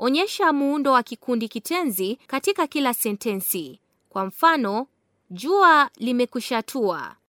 Onyesha muundo wa kikundi kitenzi katika kila sentensi. Kwa mfano, jua limekushatua.